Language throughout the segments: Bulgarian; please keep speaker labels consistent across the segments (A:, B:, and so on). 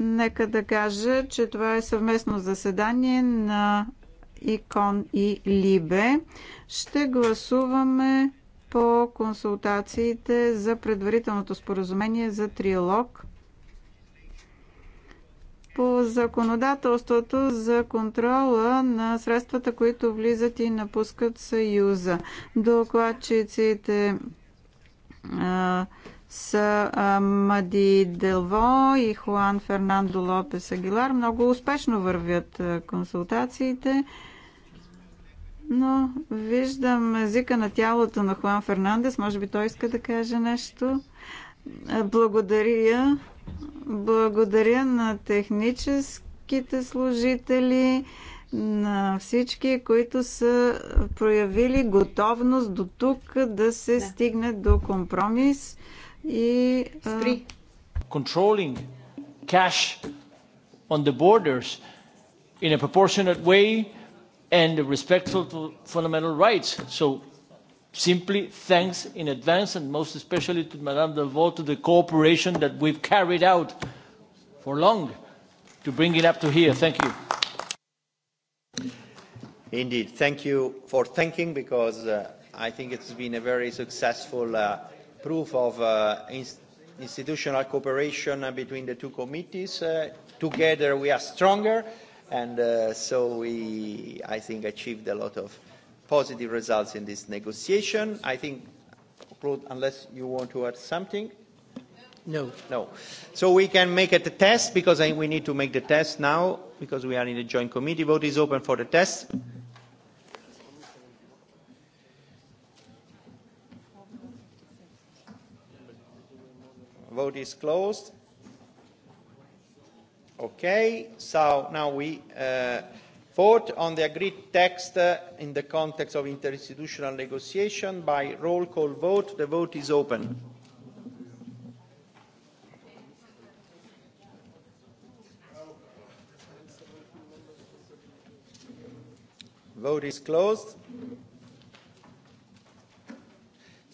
A: Нека да кажа, че това е съвместно заседание на ИКОН и ЛИБЕ. Ще гласуваме по консултациите за предварителното споразумение за триолог по законодателството за контрола на средствата, които влизат и напускат Съюза. Докладчиците с Мади Делво и Хуан Фернандо Лопес Агилар. Много успешно вървят консултациите, но виждам езика на тялото на Хуан Фернандес. Може би той иска да каже нещо. Благодаря. Благодаря на техническите служители, на всички, които са проявили готовност до тук да се да. стигне до компромис. И... Спри. Controlling cash on the borders in a proportionate way and respectful to fundamental rights. So simply thanks in advance and most especially to Madame Delvaux to the cooperation that we've carried out for long to bring it up to here. Thank you. Indeed, thank you for thanking because uh, I think it's been a very successful uh, proof of uh, inst institutional cooperation between the two committees. Uh, together we are stronger, and uh, so we, I think, achieved a lot of positive results in this negotiation. I think, Claude, unless you want to add something? No. No. So we can make it a test, because I, we need to make the test now, because we are in a joint committee. Vote is open for the test. vote is closed. Okay, so now we uh, vote on the agreed text uh, in the context of interinstitutional negotiation by roll call vote. The vote is open. Vote is closed.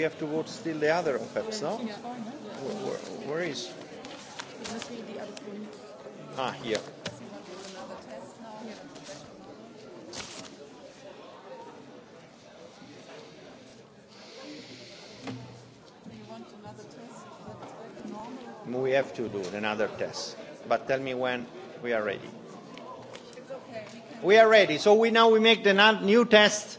A: we have to vote still the other on PEPs, no? Where, where is? Ah, here. We have to do another test, but tell me when we are ready. We are ready, so we now we make the new test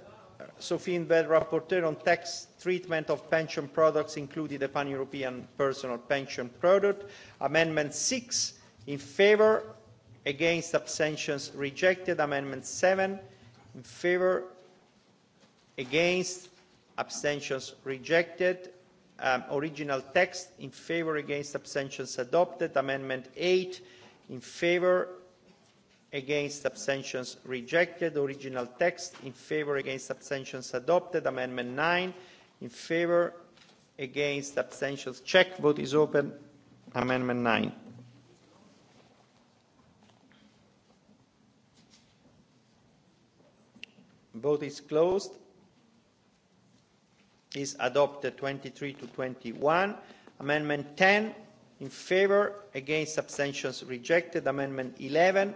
A: Sophie Bell, rapporteur on tax treatment of pension products, including the pan-European personal pension product. Amendment six in favour, against abstentions rejected. Amendment seven in favour, against abstentions rejected. original text in favour, against abstentions adopted. Amendment eight in favour, against abstentions rejected original text in favour against abstentions adopted amendment nine in favour against abstentions check vote is open amendment nine vote is closed is adopted twenty three to twenty one amendment ten in favour against abstentions rejected amendment eleven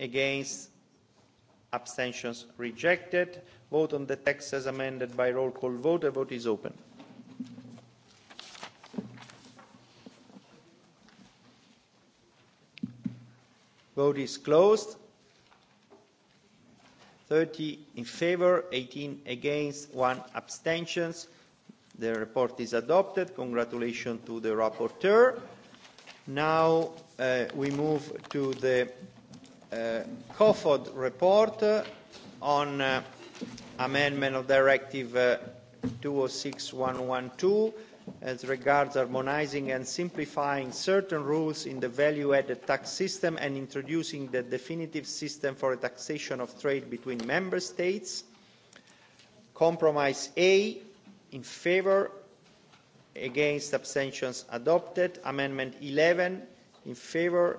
A: against abstentions rejected vote on the text as amended by roll call vote the vote is open vote is closed thirty in favour eighteen against one abstentions. the report is adopted congratulations to the rapporteur now we move to the COFOD report on amendment of Directive uh, 206112 as regards harmonising and simplifying certain rules in the value-added tax system and introducing the definitive system for a taxation of trade between member states. Compromise A, in favour, against abstentions adopted. Amendment eleven in favour,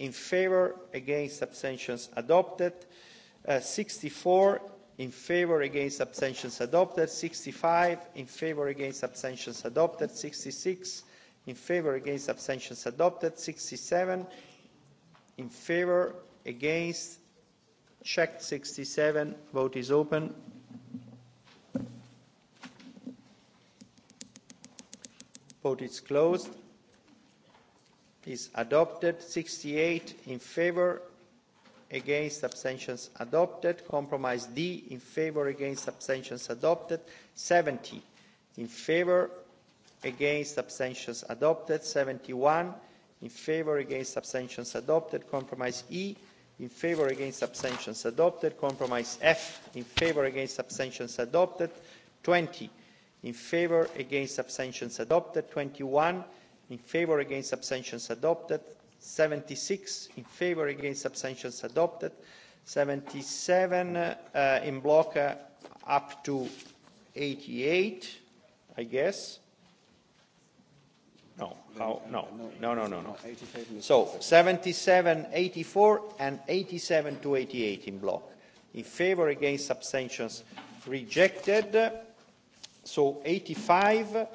A: in favour against abstentions adopted sixty four in favour against abstentions adopted sixty five in favour against abstentions adopted sixty six in favour against abstentions adopted sixty seven in favour against check sixty seven vote is open vote is closed is adopted sixty eight in favour against abstentions adopted compromise d in favour against abstentions adopted seventy in favour against abstentions adopted seventy one in favour against abstentions adopted compromise e in favour against abstentions adopted compromise f in favour against abstentions adopted twenty in favour against abstentions adopted twenty one in favour against abstentions adopted seventy six in favour against abstentions adopted seventy seven uh, in block up to eighty eight i guess no how no no no no no so seventy seven eighty four and eighty seven to eighty eight in block in favour against abstentions rejected so eighty five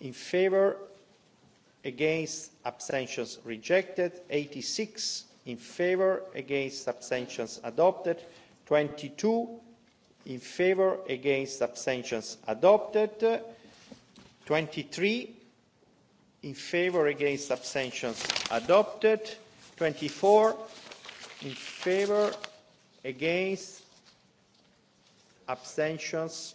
A: in favour against abstentions rejected eighty six in favour against abstentions adopted twenty two in favour against abstentions adopted twenty three in favour against abstentions adopted twenty four in favour against abstentions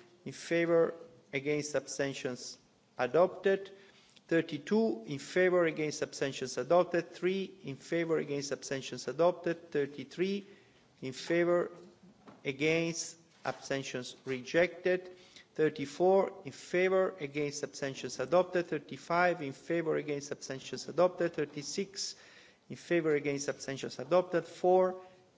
A: in favour against abstentions adopted 32 in favour against abstentions adopted 3 in favour against abstentions adopted 33 in favour against abstentions rejected 34 in favour against abstentions adopted 35 in favour against abstentions adopted 36 in favour against abstentions adopted 4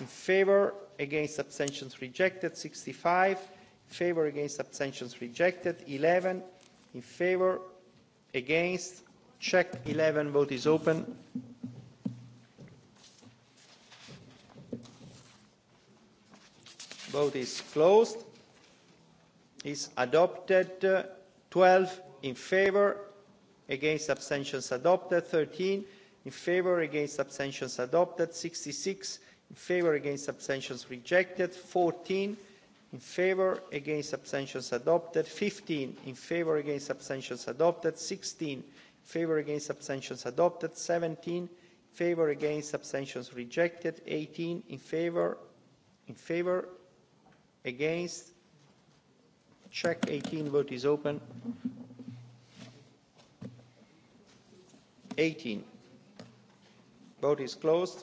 A: in favour against abstentions rejected sixty five in favour against abstentions rejected eleven in favour against check eleven vote is open vote is closed is adopted twelve in favour against abstentions adopted thirteen in favour against abstentions adopted sixty six in favour against abstentions rejected fourteen in favour against abstentions adopted fifteen in favour against abstentions adopted sixteen in favour against abstentions adopted seventeen in favour against abstentions rejected eighteen in favour in favour against check eighteen vote is open eighteen vote is closed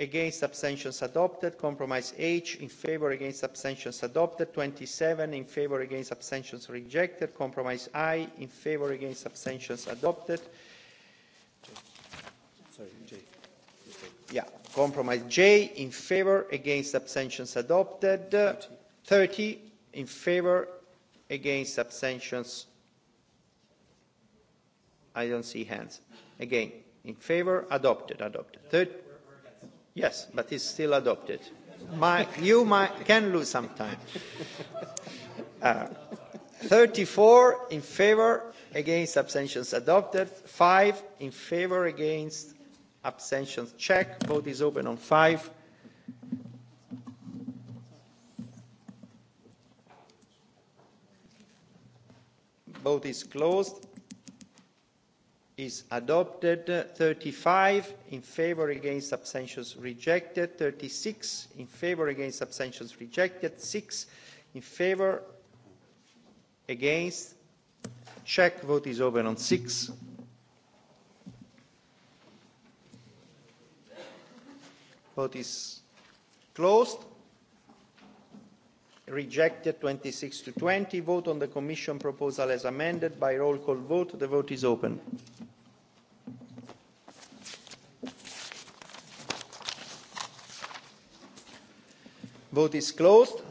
A: against abstentions adopted compromise h in favour against abstentions adopted twenty seven in favour against abstentions rejected compromise i in favour against abstentions adopted yeah compromise j in favour against abstentions adopted thirty in favour against abstentions i don't see hands again in favour adopted adopted Yes, but it's still adopted. My, you might, can lose some time. Uh, 34 in favor, against abstentions adopted. 5 in favor, against abstentions check. Vote is open on 5. Vote is closed is adopted. Thirty five in favor, against abstentions rejected. Thirty six in favor, against abstentions rejected. Six in favor against. Check vote is open on six. Vote is closed. Rejected twenty six to twenty. Vote on the Commission proposal as amended by roll call vote. The vote is open. Vote is closed.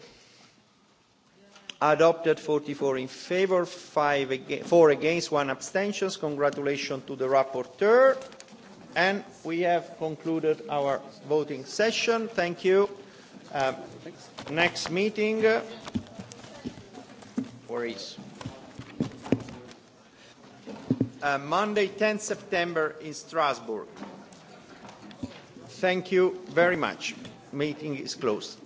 A: Adopted 44 in favor, five ag 4 against, 1 abstention. Congratulations to the rapporteur. And we have concluded our voting session. Thank you. Uh, next meeting. Uh, where is? Uh, Monday, 10 September in Strasbourg. Thank you very much. Meeting is closed.